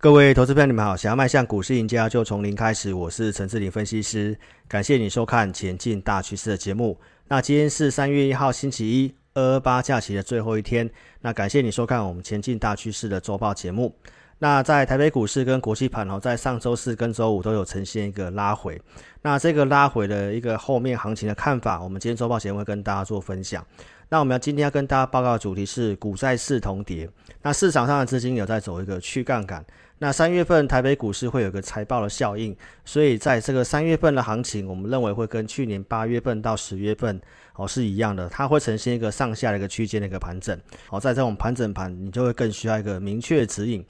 各位投資朋友，你們好！想要邁向股市贏家，就從零開始。我是陳志霖分析師，感謝你收看《前進大趨勢》的節目。那今天是三月一號，星期一，二二八假期的最後一天。那感謝你收看我們《前進大趨勢》的週報節目。那在台北股市跟國際盤，哦，在上周四跟周五都有呈現一個拉回。那這個拉回的一個後面行情的看法，我們今天週報節目會跟大家做分享。那我們今天要跟大家報告的主題是股債市同跌。那市場上的資金有在走一個去槓桿。那三月份台北股市會有個財報的效應，所以在這個三月份的行情，我們認為會跟去年八月份到十月份哦是一樣的，它會呈現一個上下的一個區間的一個盤整。哦，在這種盤整盤，你就會更需要一個明確的指引。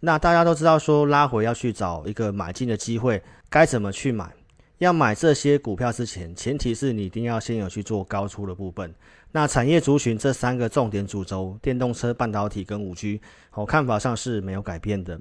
那大家都知道說拉回要去找一個買進的機會，該怎麼去買？要買這些股票之前，前提是你一定要先有去做高出的部分。那產業族群，這三個重點主軸，電動車、半導體跟 5G，好，看法上是沒有改變的。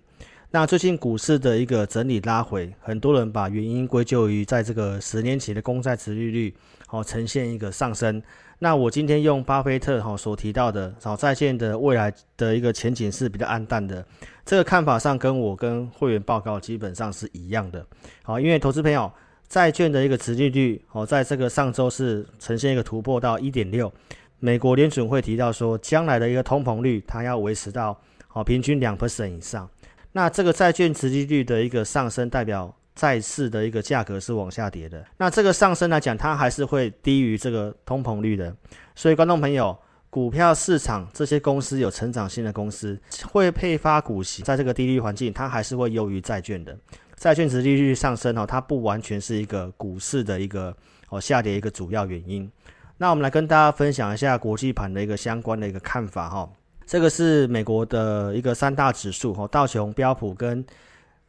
那最近股市的一個整理拉回，很多人把原因歸咎於在這個十年期的公債殖利率好呈現一個上升。那我今天用巴菲特所提到的，好，在線的未來的一個前景是比較黯淡的。這個看法上跟我跟會員報告基本上是一樣的。好，因為投資朋友。債券的一個殖利率哦，在這個上週是呈現一個突破到一點六。美國聯準會提到說，將來的一個通膨率，它要維持到哦平均兩 percent 以上。那這個債券殖利率的一個上升，代表債市的一個價格是往下跌的。那這個上升來講，它還是會低於這個通膨率的。所以，觀眾朋友，股票市場這些公司，有成長性的公司，會配發股息，在這個低利率環境，它還是會優於債券的。債券殖利率上升哦，它不完全是一個股市的一個哦下跌一個主要原因。那我們來跟大家分享一下國際盤的一個相關的一個看法哈。這個是美國的一個三大指數哦，道瓊、標普跟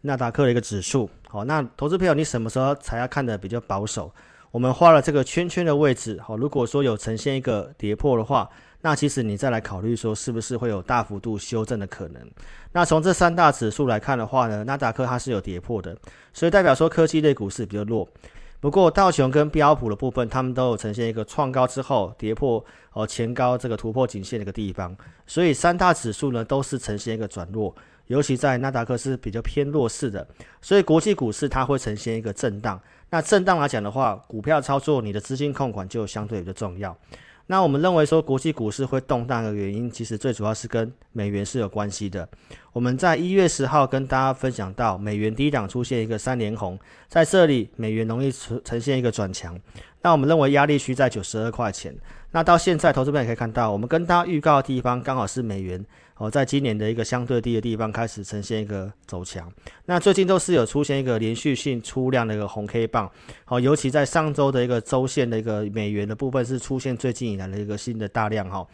納達克的一個指數哦。那投資朋友，你什麼時候才要看得比較保守？我們畫了這個圈圈的位置哦，如果說有呈現一個跌破的話。那其實你再來考慮說，是不是會有大幅度修正的可能？那從這三大指數來看的話呢，納達克它是有跌破的，所以代表說科技類股市比較弱。不過道瓊跟標普的部分，它們都有呈現一個創高之後跌破呃前高這個突破頸線的一個地方，所以三大指數呢都是呈現一個轉弱，尤其在納達克是比較偏弱勢的，所以國際股市它會呈現一個震盪。那震盪來講的話，股票操作你的資金控管就相對比較重要。那我們認為說國際股市會動盪的原因，其實最主要是跟美元是有關係的。我們在一月十號跟大家分享到，美元低檔出現一個三連紅，在這裡美元容易呈呈現一個轉強。那我們認為壓力區在九十二塊錢。那到現在，投資朋友也可以看到，我們跟大家預告的地方剛好是美元。哦，在今年的一個相對低的地方開始呈現一個走強，那最近都是有出現一個連續性出量的一個紅 K 棒，好，尤其在上周的一個週線的一個美元的部分是出現最近以來的一個新的大量哈，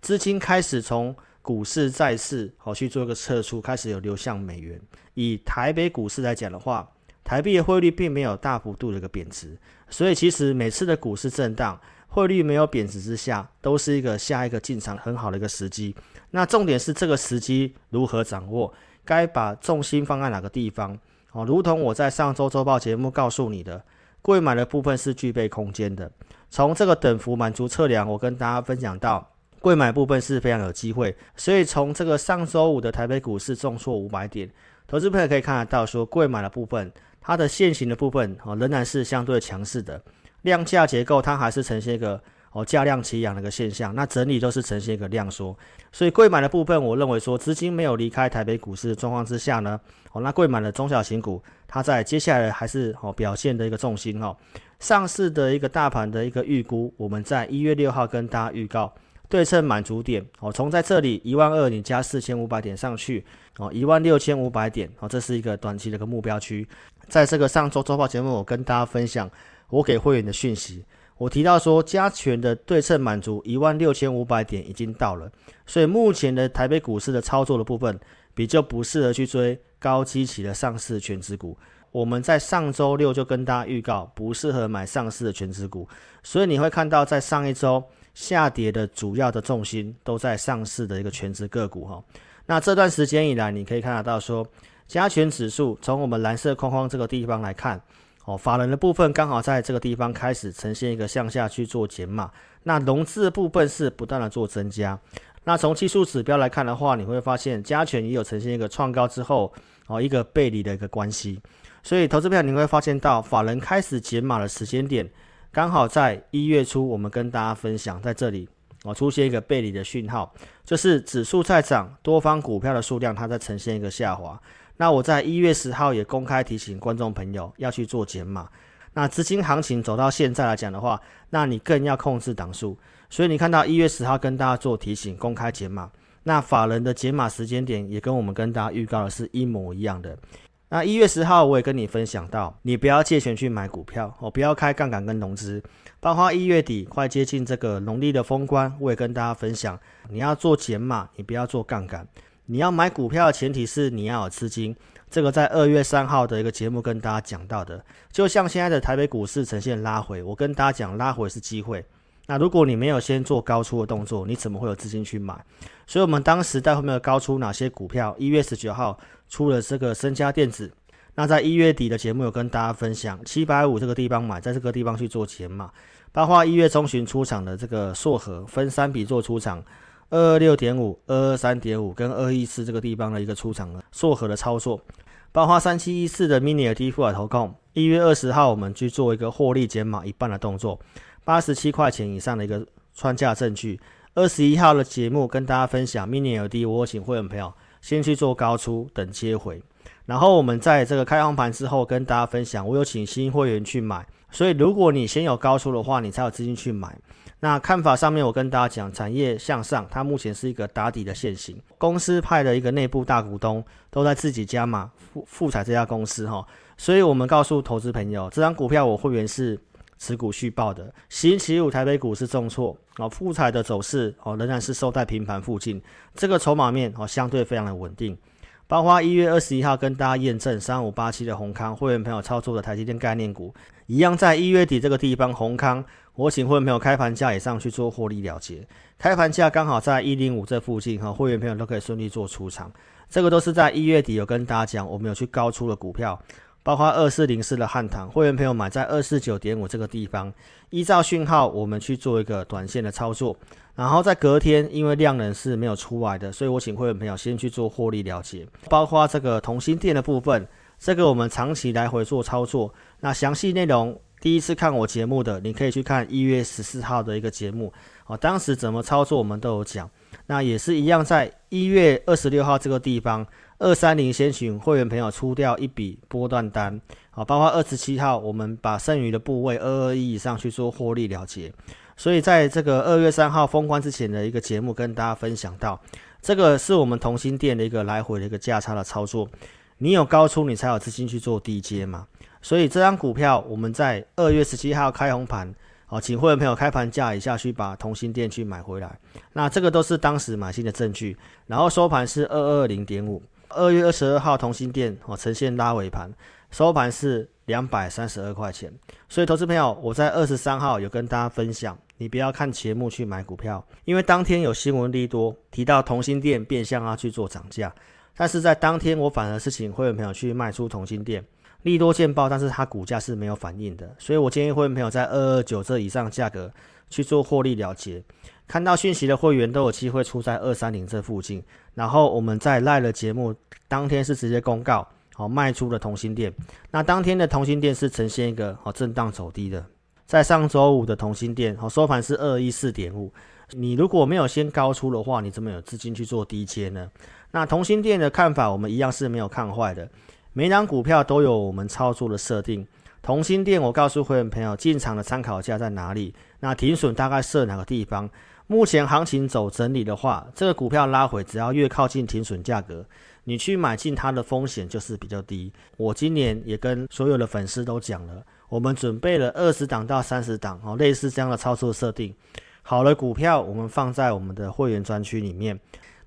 資金開始從股市、債市好去做一個撤出，開始有流向美元。以台北股市來講的話，台幣的匯率並沒有大幅度的一個貶值，所以其實每次的股市震盪，匯率沒有貶值之下，都是一個下一個進場很好的一個時機。那重點是這個時機如何掌握，該把重心放在哪個地方？哦，如同我在上周周報節目告訴你的，櫃買的部分是具備空間的。從這個等幅滿足測量，我跟大家分享到，櫃買部分是非常有機會。所以從這個上周五的台北股市重挫五百點，投資朋友可以看得到，說櫃買的部分，它的現行的部分哦，仍然是相對強勢的。量價結構，它還是呈現一個哦價量齊揚的一個現象。那整理都是呈現一個量縮，所以櫃買的部分，我認為說資金沒有離開台北股市的狀況之下呢，哦，那櫃買的中小型股，它在接下來還是哦表現的一個重心哦。上市的一個大盤的一個預估，我們在一月六號跟大家預告對稱滿足點哦，從在這裡一萬二你加四千五百點上去哦，一萬六千五百點哦，這是一個短期的一個目標區。在這個上周周報節目，我跟大家分享。我給會員的訊息，我提到說加權的對稱滿足一萬六千五百點已經到了，所以目前的台北股市的操作的部分比較不適合去追高基期的上市權值股。我們在上周六就跟大家預告不適合買上市的權值股，所以你會看到在上一周下跌的主要的重心都在上市的一個權值個股哈。那這段時間以來，你可以看得到說加權指數從我們藍色框框這個地方來看。哦，法人的部分剛好在這個地方開始呈現一個向下去做減碼，那融資的部分是不斷的做增加。那從技術指標來看的話，你會發現加權也有呈現一個創高之後，哦，一個背離的一個關係。所以投資票你會發現到法人開始減碼的時間點，剛好在一月初，我們跟大家分享在這裡，哦，出現一個背離的訊號，就是指數在漲，多方股票的數量它在呈現一個下滑。那我在一月十號也公開提醒觀眾朋友要去做減碼。那資金行情走到現在來講的話，那你更要控制檔數。所以你看到一月十號跟大家做提醒，公開減碼。那法人的減碼時間點也跟我們跟大家預告的是一模一樣的。那一月十號我也跟你分享到，你不要借錢去買股票，哦，不要開槓桿跟融資。包括一月底快接近這個農曆的封關，我也跟大家分享，你要做減碼，你不要做槓桿。你要買股票的前提是你要有資金，這個在二月三號的一個節目跟大家講到的。就像現在的台北股市呈現拉回，我跟大家講拉回是機會。那如果你沒有先做高出的動作，你怎麼會有資金去買？所以，我們當時在後面高出哪些股票？一月十九號出了這個昇佳電子，那在一月底的節目有跟大家分享七百五這個地方買，在這個地方去做減碼。包括一月中旬出場的這個碩禾，分三筆做出場。二二六點五、二二三點五跟二一四這個地方的一個出場的，撮合的操作，包括三七一四的 mini LED 富采投控，一月二十號我們去做一個獲利減碼一半的動作，八十七塊錢以上的一個穿價證據。二十一號的節目跟大家分享 mini LED 我有請會員朋友先去做高出等接回，然後我們在這個開放盤之後跟大家分享，我有請新會員去買，所以如果你先有高出的話，你才有資金去買。那看法上面，我跟大家講，產業向上，它目前是一個打底的線型。公司派的一個內部大股東都在自己加碼富富彩這家公司哈，所以我們告訴投資朋友，這張股票我會員是持股續抱的。星期五台北股市重挫，哦，富彩的走勢哦仍然是收在平盤附近，這個籌碼面哦相對非常的穩定。包括一月二十一號跟大家驗證三五八七的閎康，會員朋友操作的台積電概念股，一樣在一月底這個地方閎康。我請會員朋友開盤價以上去做獲利了結，開盤價剛好在一零五這附近，哈，會員朋友都可以順利做出場。這個都是在一月底有跟大家講，我們有去高出的股票，包括二四零四的漢唐，會員朋友買在二四九點五這個地方，依照訊號我們去做一個短線的操作，然後在隔天，因為量能是沒有出來的，所以我請會員朋友先去做獲利了結，包括這個同欣電的部分，這個我們長期來回做操作，那詳細內容。第一次看我節目的，你可以去看一月十四號的一個節目，啊，當時怎麼操作我們都有講。那也是一樣，在一月二十六號這個地方，二三零先請會員朋友出掉一筆波段單，啊，包括二十七號我們把剩餘的部位二二一以上去做獲利了結。所以在這個二月三號封關之前的一個節目跟大家分享到，這個是我們同心店的一個來回的一個價差的操作，你有高出你才有資金去做低接嘛。所以這張股票我們在二月十七號開紅盤哦，請會員朋友開盤價以下去把同欣電去買回來。那這個都是當時買進的證據。然後收盤是二二零點五。二月二十二號同欣電哦呈現拉尾盤，收盤是兩百三十二塊錢。所以投資朋友，我在二十三號有跟大家分享，你不要看節目去買股票，因為當天有新聞利多提到同欣電變相啊去做漲價，但是在當天我反而是請會員朋友去賣出同欣電。利多見報，但是它股價是沒有反應的，所以我建議會員朋友在二二九這以上價格去做獲利了結。看到訊息的會員都有機會出在二三零這附近。然後我們在賴的節目當天是直接公告好、哦、賣出了同欣電。那當天的同欣電是呈現一個好、哦、震盪走低的，在上週五的同欣電好、哦、收盤是二一四點五，你如果沒有先高出的話，你怎麼有資金去做低接呢？那同欣電的看法，我們一樣是沒有看壞的。每檔股票都有我們操作的設定。同心店，我告訴會員朋友進場的參考價在哪裡，那停損大概設哪個地方。目前行情走整理的話，這個股票拉回只要越靠近停損價格，你去買進它的風險就是比較低。我今年也跟所有的粉絲都講了，我們準備了二十檔到三十檔哦，類似這樣的操作設定。好了，股票我們放在我們的會員專區裡面。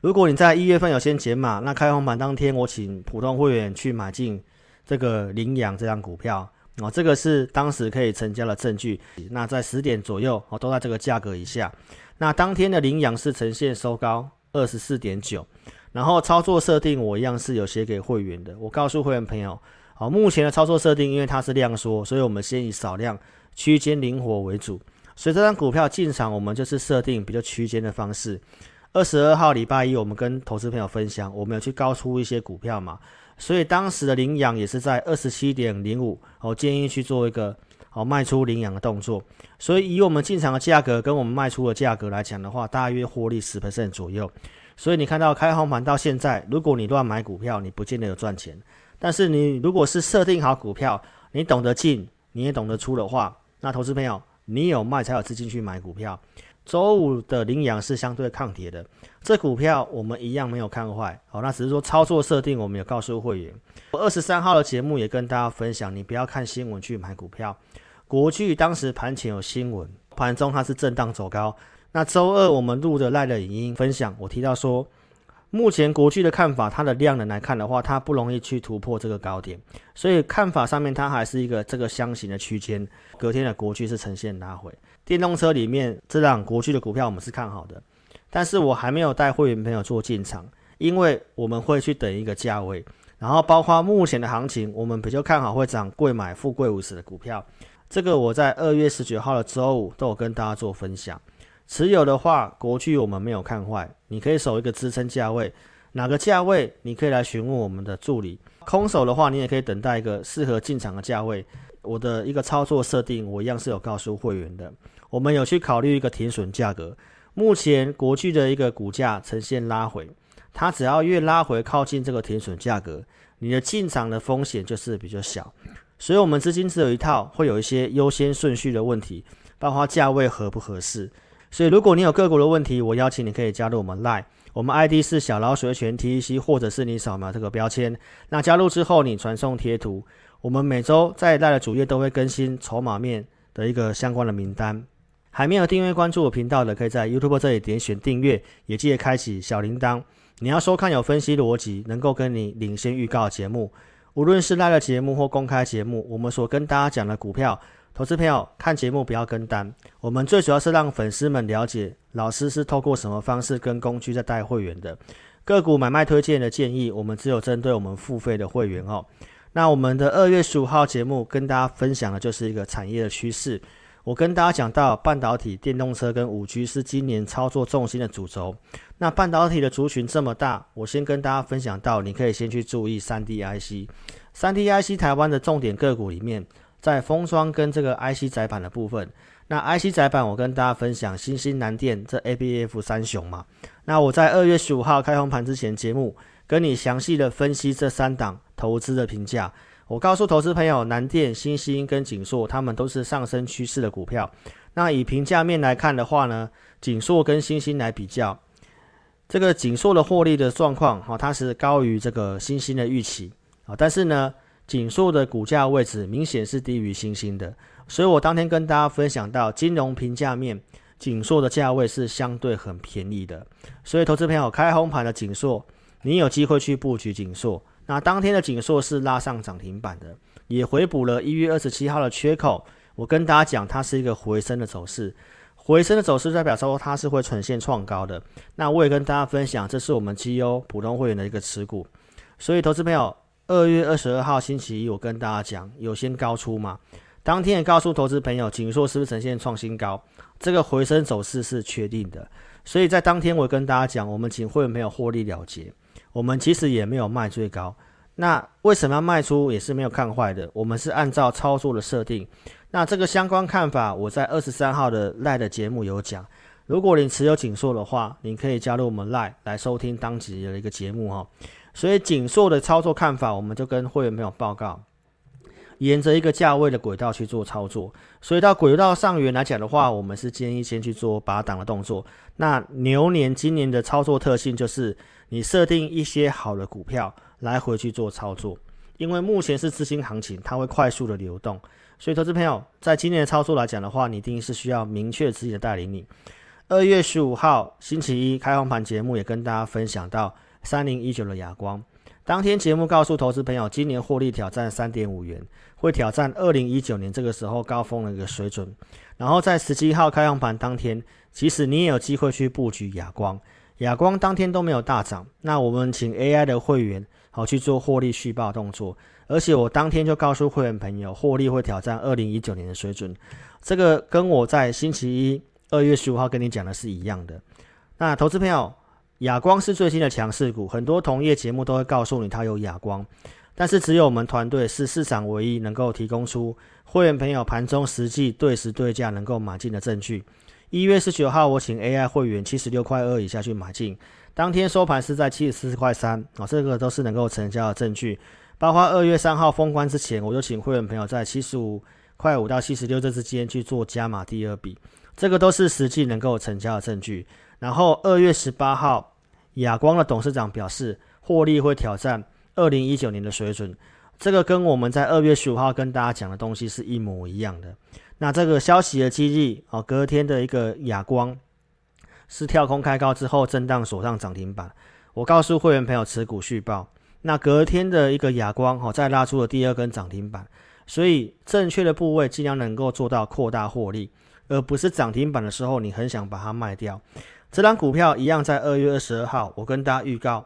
如果你在一月份有先減碼，那開紅盤當天我請普通會員去買進這個領養這張股票啊、哦，這個是當時可以成交的證據。那在十點左右啊、哦，都在這個價格以下。那當天的領養是呈現收高二十四點九，然後操作設定我一樣是有寫給會員的。我告訴會員朋友啊、哦，目前的操作設定，因為它是量縮，所以我們先以少量區間靈活為主。所以這張股票進場，我們就是設定比較區間的方式。二十二號禮拜一，我們跟投資朋友分享，我們有去高出一些股票嘛，所以當時的領養也是在二十七點零五，我建議去做一個好賣出領養的動作。所以以我們進場的價格跟我們賣出的價格來講的話，大約獲利10%左右。所以你看到開紅盤到現在，如果你亂買股票，你不見得有賺錢。但是你如果是設定好股票，你懂得進，你也懂得出的話，那投資朋友，你有賣才有資金去買股票。周五的羚羊是相對抗跌的，這股票我們一樣沒有看壞，好、哦，那只是說操作設定我們有告訴會員。我二十三號的節目也跟大家分享，你不要看新聞去買股票。國巨當時盤前有新聞，盤中它是震盪走高。那周二我們錄的賴的影音分享，我提到說，目前國巨的看法，它的量能來看的話，它不容易去突破這個高點，所以看法上面它還是一個這個箱型的區間。隔天的國巨是呈現拉回。電動車裡面，這檔國巨的股票我們是看好的，但是我還沒有帶會員朋友做進場，因為我們會去等一個價位。然後包括目前的行情，我們比較看好會漲櫃買富櫃五十的股票，這個我在二月十九號的週五都有跟大家做分享。持有的話，國巨我們沒有看壞，你可以守一個支撐價位，哪個價位你可以來詢問我們的助理。空手的話，你也可以等待一個適合進場的價位。我的一個操作設定，我一樣是有告訴會員的。我們有去考慮一個停損價格。目前國際的一個股價呈現拉回，它只要越拉回靠近這個停損價格，你的進場的風險就是比較小。所以，我們資金只有一套，會有一些優先順序的問題，包括價位合不合適。所以，如果你有個股的問題，我邀請你可以加入我們 Line，我們 ID 是小老鼠 hantec，或者是你掃描這個標籤，那加入之後你傳送貼圖。我們每周在 LINE 的主頁都會更新籌碼面的一個相關的名單，還沒有訂閱關注我頻道的，可以在 YouTube 這裡點選訂閱，也記得開啟小鈴鐺。你要收看有分析邏輯、能夠跟你領先預告的節目，無論是那個節目或公開節目，我們所跟大家講的股票投資票，看節目不要跟單。我們最主要是讓粉絲們了解老師是透過什麼方式跟工具在帶會員的個股買賣推薦的建議，我們只有針對我們付費的會員哦。那我們的二月十五號節目跟大家分享的就是一個產業的趨勢。我跟大家講到半導體、電動車跟五 G 是今年操作重心的主軸。那半導體的族群這麼大，我先跟大家分享到，你可以先去注意三 D IC。三 D IC 台灣的重點個股裡面，在封裝跟這個 IC 載板的部分。那 IC 載板，我跟大家分享新興南電這 ABF 三雄嘛。那我在二月十五號開紅盤之前節目。跟你詳細的分析這三檔投資的評價。我告訴投資朋友，南電、欣興跟景碩，他們都是上升趨勢的股票。那以評價面來看的話呢，景碩跟欣興來比較，這個景碩的獲利的狀況，哈，它是高於這個欣興的預期啊。但是呢，景碩的股價位置明顯是低於欣興的。所以我當天跟大家分享到，金融評價面，景碩的價位是相對很便宜的。所以投資朋友開紅盤的景碩。你有機會去布局景碩，那當天的景碩是拉上漲停板的，也回補了一月二十七號的缺口。我跟大家講，它是一個回升的走勢，回升的走勢代表說它是會呈現創高的。那我也跟大家分享，這是我們基優普通會員的一個持股。所以，投資朋友，二月二十二號星期一，我跟大家講有先高出嗎？當天也告訴投資朋友，景碩是不是呈現創新高？這個回升走勢是確定的。所以在當天，我跟大家講，我們景會沒有獲利了結。我們其實也沒有賣最高，那為什麼要賣出？也是沒有看壞的。我們是按照操作的設定。那這個相關看法，我在二十三號的 LINE 的節目有講。如果您持有景碩的話，您可以加入我們 LINE 來收聽當集的一個節目哈、哦。所以景碩的操作看法，我們就跟會員朋友報告，沿着一個價位的軌道去做操作。所以到軌道上緣來講的話，我們是建議先去做拔檔的動作。那牛年今年的操作特性就是。你設定一些好的股票來回去做操作，因為目前是資金行情，它會快速的流動，所以投資朋友在今年的操作來講的話，你一定是需要明確自己的帶領你。二月十五號星期一開紅盤，節目也跟大家分享到三零一九的亞光，當天節目告訴投資朋友，今年獲利挑戰三點五元，會挑戰二零一九年這個時候高峰的一個水準，然後在十七號開紅盤當天，其實你也有機會去布局亞光。雅光當天都沒有大漲，那我們請 AI 的會員好去做獲利續抱動作，而且我當天就告訴會員朋友，獲利會挑戰二零一九年的水準，這個跟我在星期一二月十五號跟你講的是一樣的。那投資朋友，亞光是最新的強勢股，很多同業節目都會告訴你它有亞光，但是只有我們團隊是市場唯一能夠提供出會員朋友盤中實際對時對價能夠買進的證據。一月十九號，我請 AI 會員七十六塊二以下去買進，當天收盤是在七十四塊三哦，這個都是能夠成交的證據。包括二月三號封關之前，我就請會員朋友在七十五塊五到七十六這之間去做加碼第二筆，這個都是實際能夠成交的證據。然後二月十八號，亞光的董事長表示獲利會挑戰二零一九年的水準。這個跟我們在二月十五號跟大家講的東西是一模一樣的。那這個消息的機率哦，隔天的一個亞光是跳空開高之後震盪鎖上漲停板。我告訴會員朋友持股續報。那隔天的一個亞光哦，再拉出了第二根漲停板。所以正確的部位儘量能夠做到擴大獲利，而不是漲停板的時候你很想把它賣掉。這檔股票一樣在二月二十二號，我跟大家預告。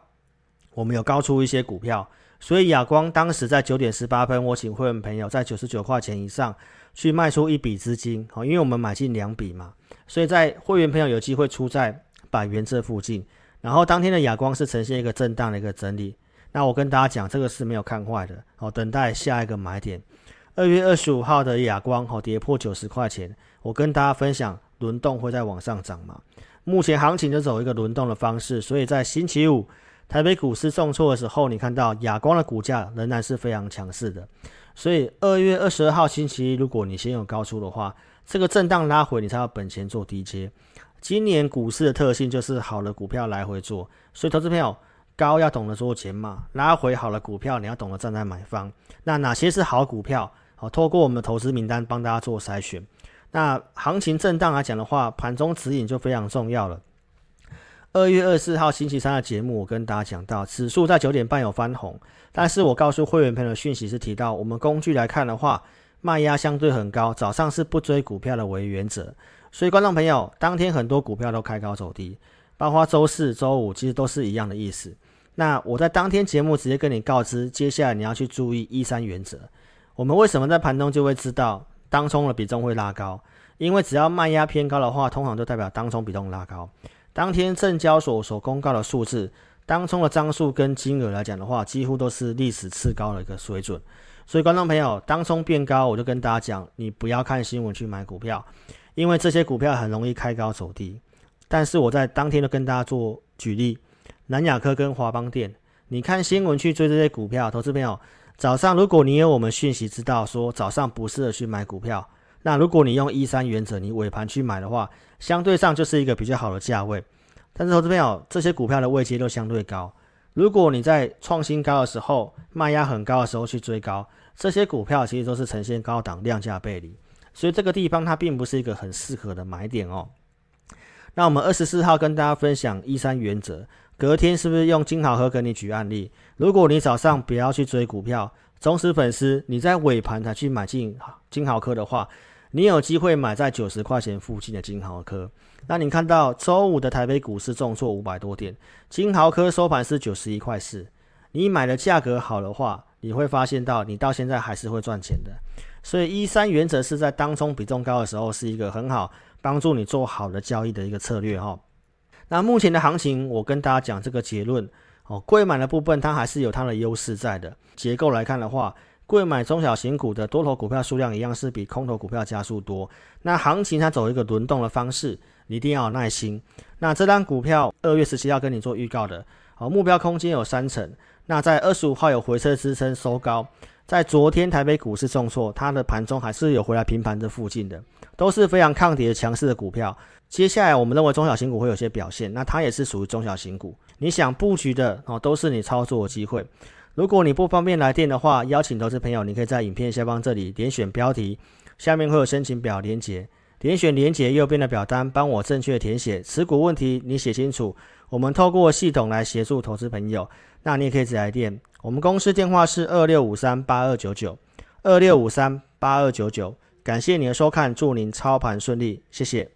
我們有高出一些股票，所以亞光當時在九點十八分，我請會員朋友在九十九塊錢以上去賣出一筆資金，好，因為我們買進兩筆嘛，所以在會員朋友有機會出在百元這附近。然後當天的亞光是呈現一個震盪的一個整理，那我跟大家講，這個是沒有看壞的，好，等待下一個買點。二月二十五號的亞光，好，跌破九十塊錢，我跟大家分享，輪動會再往上漲嘛，目前行情就走一個輪動的方式，所以在星期五。台北股市重挫的時候，你看到亞光的股價仍然是非常強勢的。所以二月二十二號星期一，如果你先有高出的話，這個震盪拉回，你才有本錢做低接。今年股市的特性就是好的股票來回做，所以投資朋友高要懂得做減碼，拉回好的股票你要懂得站在買方。那哪些是好股票？好，透過我們的投資名單幫大家做篩選。那行情震盪來講的話，盤中指引就非常重要了。二月二十四號星期三的節目，我跟大家講到指數在九點半有翻紅，但是我告訴會員朋友的訊息是提到，我們工具來看的話，賣壓相對很高，早上是不追股票的為原則，所以觀眾朋友，當天很多股票都開高走低，包括周四周五，其實都是一樣的意思。那我在當天節目直接跟你告知，接下來你要去注意一三原則。我們為什麼在盤中就會知道當沖的比重會拉高？因為只要賣壓偏高的話，通常就代表當沖比重拉高。當天證交所所公告的數字，當沖的張數跟金額來講的話，幾乎都是歷史次高的一個水準。所以，觀眾朋友，當沖變高，我就跟大家講，你不要看新聞去買股票，因為這些股票很容易開高走低。但是，我在當天就跟大家做舉例，南亞科跟華邦電，你看新聞去追這些股票，投資朋友，早上如果你有我們訊息知道說早上不適合去買股票。那如果你用一三原則，你尾盤去買的話，相對上就是一個比較好的價位。但是投資朋友，這些股票的位階都相對高。如果你在創新高的時候，賣壓很高的時候去追高，這些股票其實都是呈現高檔量價背離，所以這個地方它並不是一個很適合的買點哦。那我們二十四號跟大家分享一三原則，隔天是不是用金豪科給你舉案例？如果你早上不要去追股票，忠實粉絲你在尾盤才去買進金豪科的話，你有機會買在九十塊錢附近的金豪科，那你看到周五的台北股市重挫五百多點，金豪科收盤是九十一塊四，你買的價格好的話，你會發現到你到現在還是會賺錢的。所以一三原則是在當沖比重高的時候，是一個很好幫助你做好的交易的一個策略哈。那目前的行情，我跟大家講這個結論哦，櫃買的部分它還是有它的優勢在的，結構來看的話，櫃買中小型股的多頭股票數量一樣是比空頭股票家數多。那行情它走一個輪動的方式，你一定要有耐心。那這檔股票二月十七號跟你做預告的，好，目標空間有三成。那在二十五號有回撤支撐收高，在昨天台北股市重挫，它的盤中還是有回來平盤這附近的，都是非常抗跌的強勢的股票。接下來我們認為中小型股會有些表現，那它也是屬於中小型股，你想布局的哦，都是你操作的機會。如果你不方便來電的話，邀請投資朋友，你可以在影片下方這裡點選標題，下面會有申請表連結，點選連結右邊的表單，幫我正確填寫，持股問題你寫清楚。我們透過系統來協助投資朋友，那你也可以直接來電。我們公司電話是二六五三八二九九二六五三八二九九。感謝你的收看，祝您操盤順利，謝謝。